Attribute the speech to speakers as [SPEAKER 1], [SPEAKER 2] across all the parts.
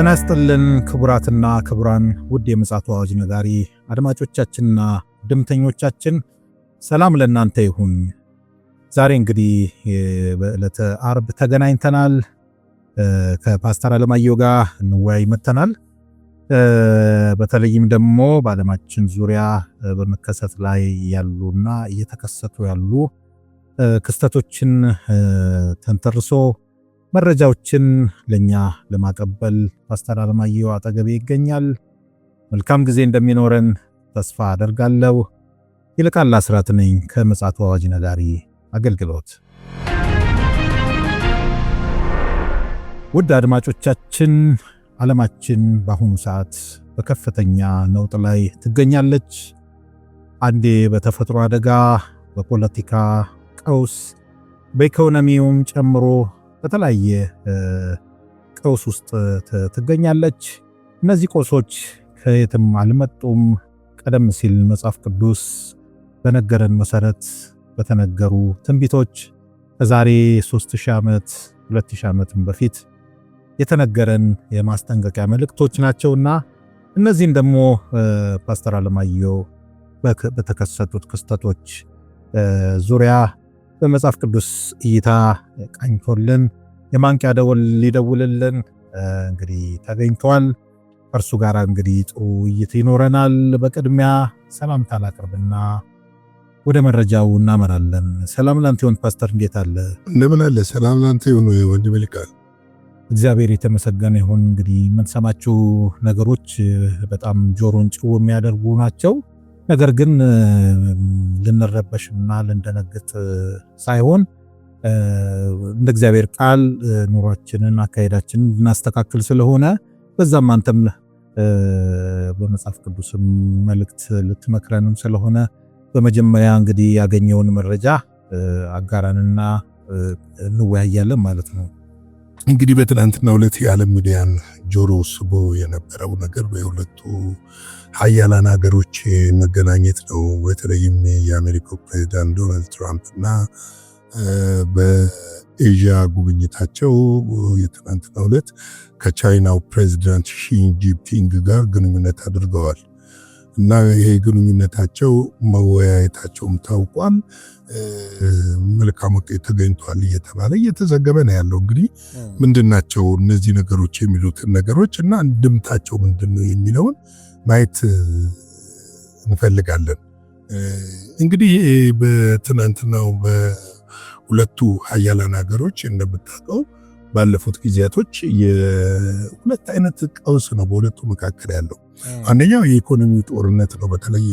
[SPEAKER 1] ጤና ይስጥልን ክቡራትና ክቡራን ውድ የምፅዓቱ አዋጅ ነጋሪ አድማጮቻችንና ድምተኞቻችን ሰላም ለእናንተ ይሁን። ዛሬ እንግዲህ በዕለተ አርብ ተገናኝተናል። ከፓስተር አለማየሁ ጋር እንወያይ መተናል። በተለይም ደግሞ በዓለማችን ዙሪያ በመከሰት ላይ ያሉና እየተከሰቱ ያሉ ክስተቶችን ተንተርሶ መረጃዎችን ለእኛ ለማቀበል ፓስተር አለማየሁ አጠገቤ ይገኛል። መልካም ጊዜ እንደሚኖረን ተስፋ አደርጋለሁ። ይልቃል አስራት ነኝ ከምፅዓቱ አዋጅ ነጋሪ አገልግሎት። ውድ አድማጮቻችን ዓለማችን በአሁኑ ሰዓት በከፍተኛ ነውጥ ላይ ትገኛለች። አንዴ በተፈጥሮ አደጋ፣ በፖለቲካ ቀውስ፣ በኢኮኖሚውም ጨምሮ በተለያየ ቀውስ ውስጥ ትገኛለች። እነዚህ ቀውሶች ከየትም አልመጡም። ቀደም ሲል መጽሐፍ ቅዱስ በነገረን መሰረት በተነገሩ ትንቢቶች ከዛሬ 3000 ዓመት 2000 ዓመትም በፊት የተነገረን የማስጠንቀቂያ መልእክቶች ናቸውና እነዚህም ደግሞ ፓስተር አለማየሁ በተከሰቱት ክስተቶች ዙሪያ በመጽሐፍ ቅዱስ እይታ ቃኝቶልን የማንቂያ ደወል ሊደውልልን እንግዲህ ተገኝተዋል። ከእርሱ ጋር እንግዲህ ጥሩ ውይይት ይኖረናል። በቅድሚያ ሰላምታ ላቅርብና ወደ መረጃው እናመራለን። ሰላም ላንተ ይሁን ፓስተር፣ እንዴት አለ?
[SPEAKER 2] እንደምን አለ? ሰላም ላንተ ይሁን ወንድሜ ይልቃል።
[SPEAKER 1] እግዚአብሔር የተመሰገነ ይሁን። እንግዲህ የምንሰማችው ነገሮች በጣም ጆሮን ጭው የሚያደርጉ ናቸው። ነገር ግን ልንረበሽና ልንደነግጥ ሳይሆን እንደ እግዚአብሔር ቃል ኑሯችንን፣ አካሄዳችንን ልናስተካክል ስለሆነ በዛም አንተም በመጽሐፍ ቅዱስም መልእክት ልትመክረንም ስለሆነ በመጀመሪያ እንግዲህ ያገኘውን መረጃ አጋራንና እንወያያለን ማለት ነው።
[SPEAKER 2] እንግዲህ በትናንትና ሁለት የዓለም ሚዲያን ጆሮ ስቦ የነበረው ነገር በሁለቱ ሀያላን ሀገሮች መገናኘት ነው። በተለይም የአሜሪካው ፕሬዚዳንት ዶናልድ ትራምፕ እና በኤዥያ ጉብኝታቸው የትናንትና ሁለት ከቻይናው ፕሬዚዳንት ሺጂንፒንግ ጋር ግንኙነት አድርገዋል። እና ይሄ ግንኙነታቸው መወያየታቸውም ታውቋል። መልካም ውጤት ተገኝቷል እየተባለ እየተዘገበ ነው ያለው። እንግዲህ ምንድናቸው እነዚህ ነገሮች የሚሉትን ነገሮች እና እንድምታቸው ምንድን ነው የሚለውን ማየት እንፈልጋለን። እንግዲህ በትናንትናው በሁለቱ ሀያላን ሀገሮች እንደምታውቀው ባለፉት ጊዜያቶች የሁለት አይነት ቀውስ ነው በሁለቱ መካከል ያለው። አንደኛው የኢኮኖሚ ጦርነት ነው። በተለይ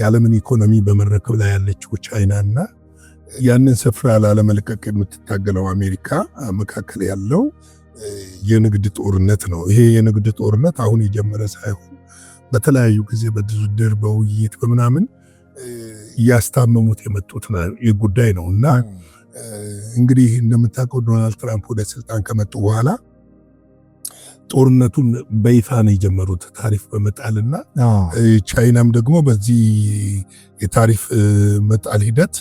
[SPEAKER 2] የዓለምን ኢኮኖሚ በመረከብ ላይ ያለችው ቻይና እና ያንን ስፍራ ላለመለቀቅ የምትታገለው አሜሪካ መካከል ያለው የንግድ ጦርነት ነው። ይሄ የንግድ ጦርነት አሁን የጀመረ ሳይሆን በተለያዩ ጊዜ በድርድር በውይይት በምናምን እያስታመሙት የመጡት ጉዳይ ነው እና እንግዲህ እንደምታውቀው ዶናልድ ትራምፕ ወደ ስልጣን ከመጡ በኋላ ጦርነቱን በይፋ ነው የጀመሩት ታሪፍ በመጣልና ቻይናም ደግሞ በዚህ የታሪፍ መጣል ሂደት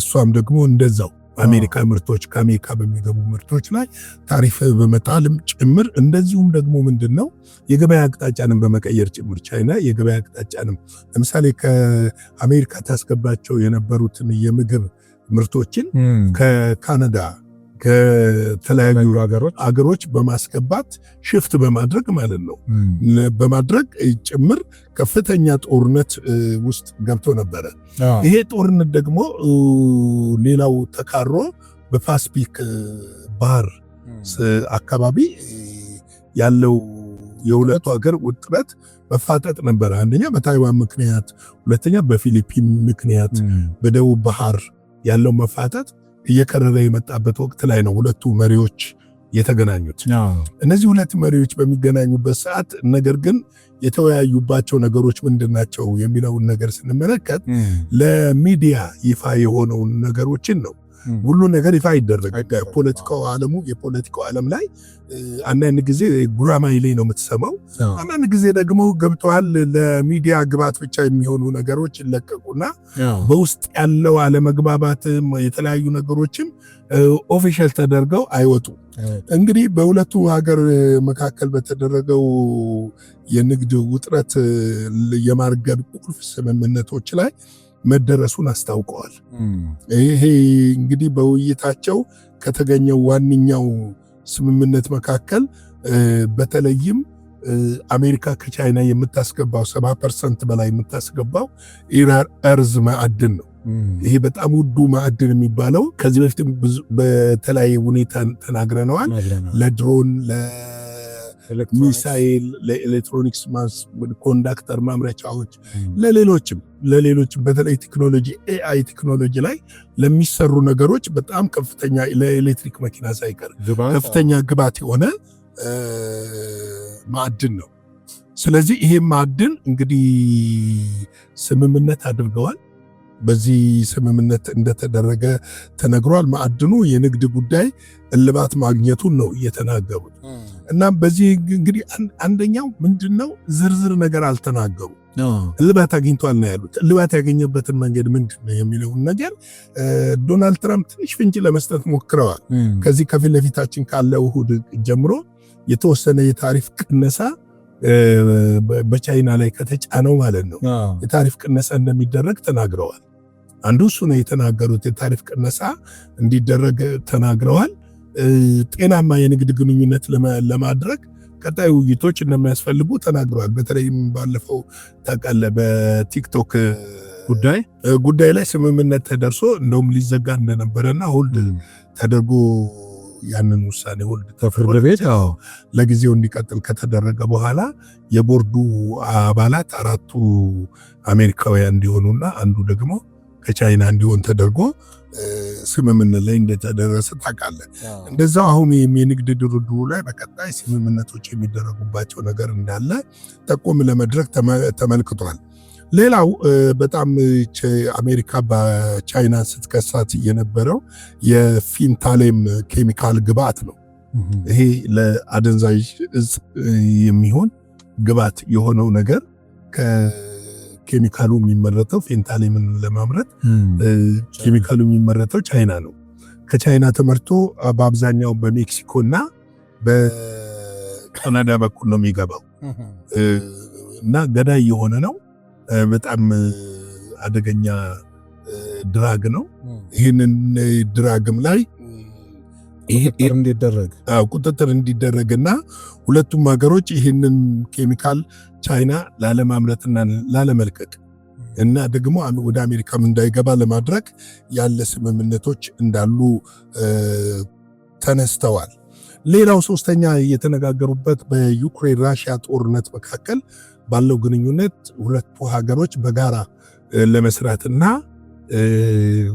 [SPEAKER 2] እሷም ደግሞ እንደዛው አሜሪካ ምርቶች ከአሜሪካ በሚገቡ ምርቶች ላይ ታሪፍ በመጣልም ጭምር እንደዚሁም ደግሞ ምንድን ነው የገበያ አቅጣጫንም በመቀየር ጭምር ቻይና የገበያ አቅጣጫንም ለምሳሌ ከአሜሪካ ታስገባቸው የነበሩትን የምግብ ምርቶችን ከካናዳ ከተለያዩ አገሮች በማስገባት ሽፍት በማድረግ ማለት ነው በማድረግ ጭምር ከፍተኛ ጦርነት ውስጥ ገብቶ ነበረ። ይሄ ጦርነት ደግሞ ሌላው ተካሮ በፓስፊክ ባህር አካባቢ ያለው የሁለቱ ሀገር ውጥረት መፋጠጥ ነበረ። አንደኛ በታይዋን ምክንያት፣ ሁለተኛ በፊሊፒን ምክንያት፣ በደቡብ ባህር ያለው መፋታት እየከረረ የመጣበት ወቅት ላይ ነው ሁለቱ መሪዎች የተገናኙት። እነዚህ ሁለት መሪዎች በሚገናኙበት ሰዓት ነገር ግን የተወያዩባቸው ነገሮች ምንድናቸው የሚለውን ነገር ስንመለከት ለሚዲያ ይፋ የሆነውን ነገሮችን ነው ሁሉ ነገር ይፋ አይደረግም። ፖለቲካው ዓለሙ የፖለቲካው ዓለም ላይ አንዳንድ ጊዜ ጉራማይ ላይ ነው የምትሰማው። አንዳንድ ጊዜ ደግሞ ገብተዋል ለሚዲያ ግባት ብቻ የሚሆኑ ነገሮች ይለቀቁና በውስጥ ያለው አለመግባባትም የተለያዩ ነገሮችም ኦፊሻል ተደርገው አይወጡ እንግዲህ በሁለቱ ሀገር መካከል በተደረገው የንግድ ውጥረት የማርገብ ቁልፍ ስምምነቶች ላይ መደረሱን አስታውቀዋል። ይሄ እንግዲህ በውይይታቸው ከተገኘው ዋነኛው ስምምነት መካከል በተለይም አሜሪካ ከቻይና የምታስገባው 7 ፐርሰንት በላይ የምታስገባው ኢራር እርዝ ማዕድን ነው። ይሄ በጣም ውዱ ማዕድን የሚባለው ከዚህ በፊት በተለያየ ሁኔታ ተናግረነዋል። ለድሮን ሚሳይል ለኤሌክትሮኒክስ ኮንዳክተር ማምረቻዎች፣ ለሌሎችም ለሌሎችም በተለይ ቴክኖሎጂ ኤአይ ቴክኖሎጂ ላይ ለሚሰሩ ነገሮች በጣም ከፍተኛ ለኤሌክትሪክ መኪና ሳይቀር ከፍተኛ ግባት የሆነ ማዕድን ነው። ስለዚህ ይሄ ማዕድን እንግዲህ ስምምነት አድርገዋል። በዚህ ስምምነት እንደተደረገ ተነግሯል። ማዕድኑ የንግድ ጉዳይ እልባት ማግኘቱን ነው እየተናገሩት። እና በዚህ እንግዲህ አንደኛው ምንድን ነው ዝርዝር ነገር አልተናገሩ እልባት አግኝቷል ነው ያሉት። እልባት ያገኘበትን መንገድ ምንድን ነው የሚለውን ነገር ዶናልድ ትራምፕ ትንሽ ፍንጭ ለመስጠት ሞክረዋል። ከዚህ ከፊት ለፊታችን ካለው እሁድ ጀምሮ የተወሰነ የታሪፍ ቅነሳ በቻይና ላይ ከተጫነው ማለት ነው የታሪፍ ቅነሳ እንደሚደረግ ተናግረዋል። አንዱ እሱ ነው የተናገሩት። የታሪፍ ቅነሳ እንዲደረግ ተናግረዋል። ጤናማ የንግድ ግንኙነት ለማድረግ ቀጣይ ውይይቶች እንደሚያስፈልጉ ተናግረዋል። በተለይም ባለፈው ተቀለ በቲክቶክ ጉዳይ ጉዳይ ላይ ስምምነት ተደርሶ እንደውም ሊዘጋ እንደነበረና ሁል ተደርጎ ያንን ውሳኔ ሁል ከፍርድ ቤት ለጊዜው እንዲቀጥል ከተደረገ በኋላ የቦርዱ አባላት አራቱ አሜሪካውያን እንዲሆኑና አንዱ ደግሞ ከቻይና እንዲሆን ተደርጎ ስምምነት ላይ እንደተደረሰ ታውቃለህ። እንደዛው አሁን የንግድ ድርድሩ ላይ በቀጣይ ስምምነቶች የሚደረጉባቸው ነገር እንዳለ ጠቆም ለመድረግ ተመልክቷል። ሌላው በጣም አሜሪካ በቻይና ስትከሳት የነበረው የፊንታሌም ኬሚካል ግብዓት ነው። ይሄ ለአደንዛዥ እጽ የሚሆን ግብአት የሆነው ነገር ኬሚካሉ የሚመረተው ፌንታሊምን ለማምረት ኬሚካሉ የሚመረተው ቻይና ነው። ከቻይና ተመርቶ በአብዛኛው በሜክሲኮ እና በካናዳ በኩል ነው የሚገባው እና ገዳይ የሆነ ነው። በጣም አደገኛ ድራግ ነው። ይህንን ድራግም ላይ ቁጥጥር እና ሁለቱም ሀገሮች ይህንን ኬሚካል ቻይና ላለማምረትና ላለመልቀቅ እና ደግሞ ወደ አሜሪካም እንዳይገባ ለማድረግ ያለ ስምምነቶች እንዳሉ ተነስተዋል። ሌላው ሶስተኛ የተነጋገሩበት በዩክሬን ራሽያ ጦርነት መካከል ባለው ግንኙነት ሁለቱ ሀገሮች በጋራ ለመስራትና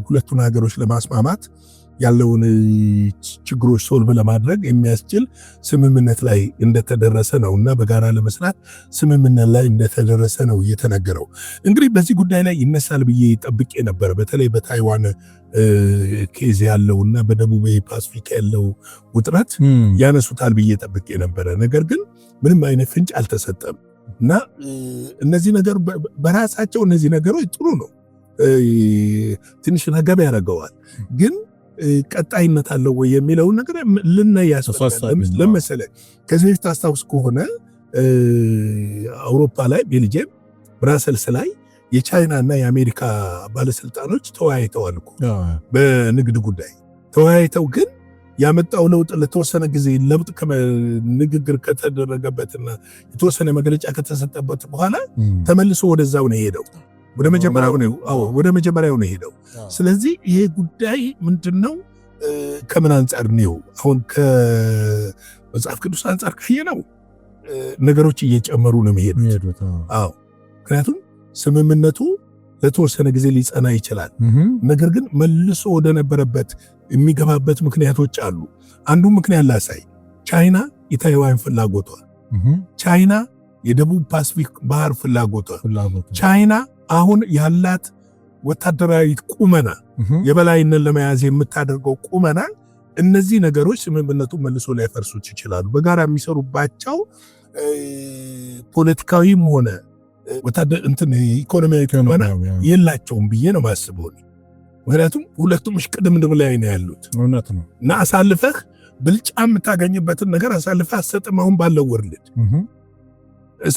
[SPEAKER 2] ሁለቱን ሀገሮች ለማስማማት ያለውን ችግሮች ሶልቭ ለማድረግ የሚያስችል ስምምነት ላይ እንደተደረሰ ነው እና በጋራ ለመስራት ስምምነት ላይ እንደተደረሰ ነው እየተነገረው። እንግዲህ በዚህ ጉዳይ ላይ ይነሳል ብዬ ጠብቄ ነበረ። በተለይ በታይዋን ኬዝ ያለው እና በደቡብ ፓስፊክ ያለው ውጥረት ያነሱታል ብዬ ጠብቄ ነበረ። ነገር ግን ምንም አይነት ፍንጭ አልተሰጠም እና እነዚህ ነገር በራሳቸው እነዚህ ነገሮች ጥሩ ነው፣ ትንሽ ነገብ ያደርገዋል ግን ቀጣይነት አለው ወይ የሚለውን ነገር ልናይ ያስፈልጋል። ለምሳሌ ከዚህ በፊት ከሆነ አውሮፓ ላይ ቤልጅየም ብራሰልስ ላይ የቻይና እና የአሜሪካ ባለስልጣኖች ተወያይተዋል እኮ በንግድ ጉዳይ ተወያይተው ግን ያመጣው ለውጥ ለተወሰነ ጊዜ ለውጥ ንግግር ከተደረገበትና የተወሰነ መግለጫ ከተሰጠበት በኋላ ተመልሶ ወደዛው ነው የሄደው። ወደ መጀመሪያው ነው። አዎ ወደ መጀመሪያው ነው ሄደው። ስለዚህ ይሄ ጉዳይ ምንድን ነው? ከምን አንጻር ነው? አሁን ከመጽሐፍ ቅዱስ አንጻር ነው ነገሮች እየጨመሩ ነው የሚሄዱት። አዎ ምክንያቱም ስምምነቱ ለተወሰነ ጊዜ ሊጸና ይችላል። ነገር ግን መልሶ ወደ ነበረበት የሚገባበት ምክንያቶች አሉ። አንዱ ምክንያት ላሳይ፣ ቻይና የታይዋን ፍላጎቷል ቻይና የደቡብ ፓስፊክ ባህር ፍላጎት ቻይና አሁን ያላት ወታደራዊ ቁመና የበላይነት ለመያዝ የምታደርገው ቁመና እነዚህ ነገሮች ስምምነቱ መልሶ ላይፈርሱት ይችላሉ። በጋራ የሚሰሩባቸው ፖለቲካዊም ሆነ ኢኮኖሚያዊ ቁመና የላቸውም ብዬ ነው ማስበው። ምክንያቱም ሁለቱም እሽቅድምድም ላይ ነው ያሉት እና አሳልፈህ ብልጫ የምታገኝበትን ነገር አሳልፈህ አትሰጥም። አሁን ባለው ወርልድ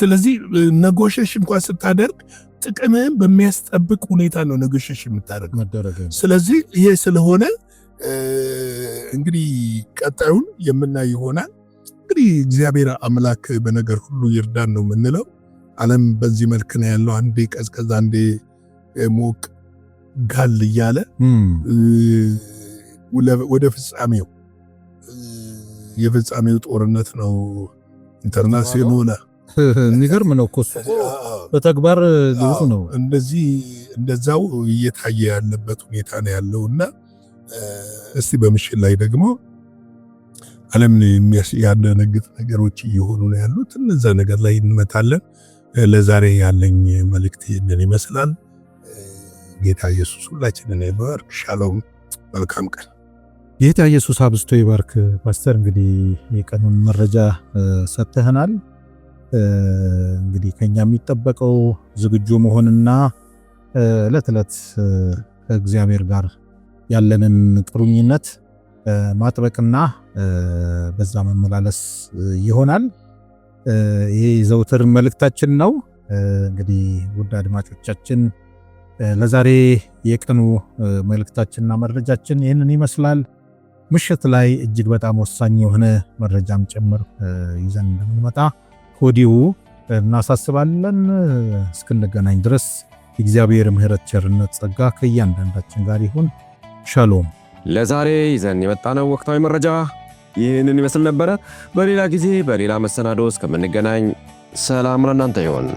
[SPEAKER 2] ስለዚህ ነጎሸሽ እንኳን ስታደርግ ጥቅምህን በሚያስጠብቅ ሁኔታ ነው ነጎሸሽ የምታደርገው። ስለዚህ ይሄ ስለሆነ እንግዲህ ቀጣዩን የምናይ ይሆናል። እንግዲህ እግዚአብሔር አምላክ በነገር ሁሉ ይርዳን ነው የምንለው። ዓለም በዚህ መልክ ነው ያለው። አንዴ ቀዝቀዝ፣ አንዴ ሞቅ ጋል እያለ ወደ ፍጻሜው የፍጻሜው ጦርነት ነው ኢንተርናሲዮናል
[SPEAKER 1] የሚገርም ነው እኮ እሱ በተግባር ብዙ ነው።
[SPEAKER 2] እንደዚህ እንደዛው እየታየ ያለበት ሁኔታ ነው ያለው እና እስቲ በምሽል ላይ ደግሞ ዓለምን የሚያስደነግጥ ነገሮች እየሆኑ ነው ያሉት። እነዛ ነገር ላይ እንመታለን። ለዛሬ ያለኝ መልእክት ይህንን ይመስላል። ጌታ ኢየሱስ ሁላችንን ይባርክ። ሻሎም፣ መልካም ቀን።
[SPEAKER 1] ጌታ ኢየሱስ አብዝቶ ይባርክ። ፓስተር እንግዲህ የቀኑን መረጃ ሰጥተህናል። እንግዲህ ከኛ የሚጠበቀው ዝግጁ መሆንና እለት እለት ከእግዚአብሔር ጋር ያለንን ቁርኝነት ማጥበቅና በዛ መመላለስ ይሆናል። ይህ ዘውትር መልእክታችን ነው። እንግዲህ ውድ አድማጮቻችን ለዛሬ የቀኑ መልእክታችንና መረጃችን ይህንን ይመስላል። ምሽት ላይ እጅግ በጣም ወሳኝ የሆነ መረጃም ጭምር ይዘን እንደምንመጣ ከወዲሁ እናሳስባለን። እስክንገናኝ ድረስ የእግዚአብሔር ምሕረት፣ ቸርነት፣ ጸጋ ከእያንዳንዳችን ጋር ይሁን። ሻሎም። ለዛሬ ይዘን የመጣነው ወቅታዊ መረጃ ይህንን ይመስል ነበረ። በሌላ ጊዜ በሌላ መሰናዶ እስከምንገናኝ ሰላም ለእናንተ ይሆን።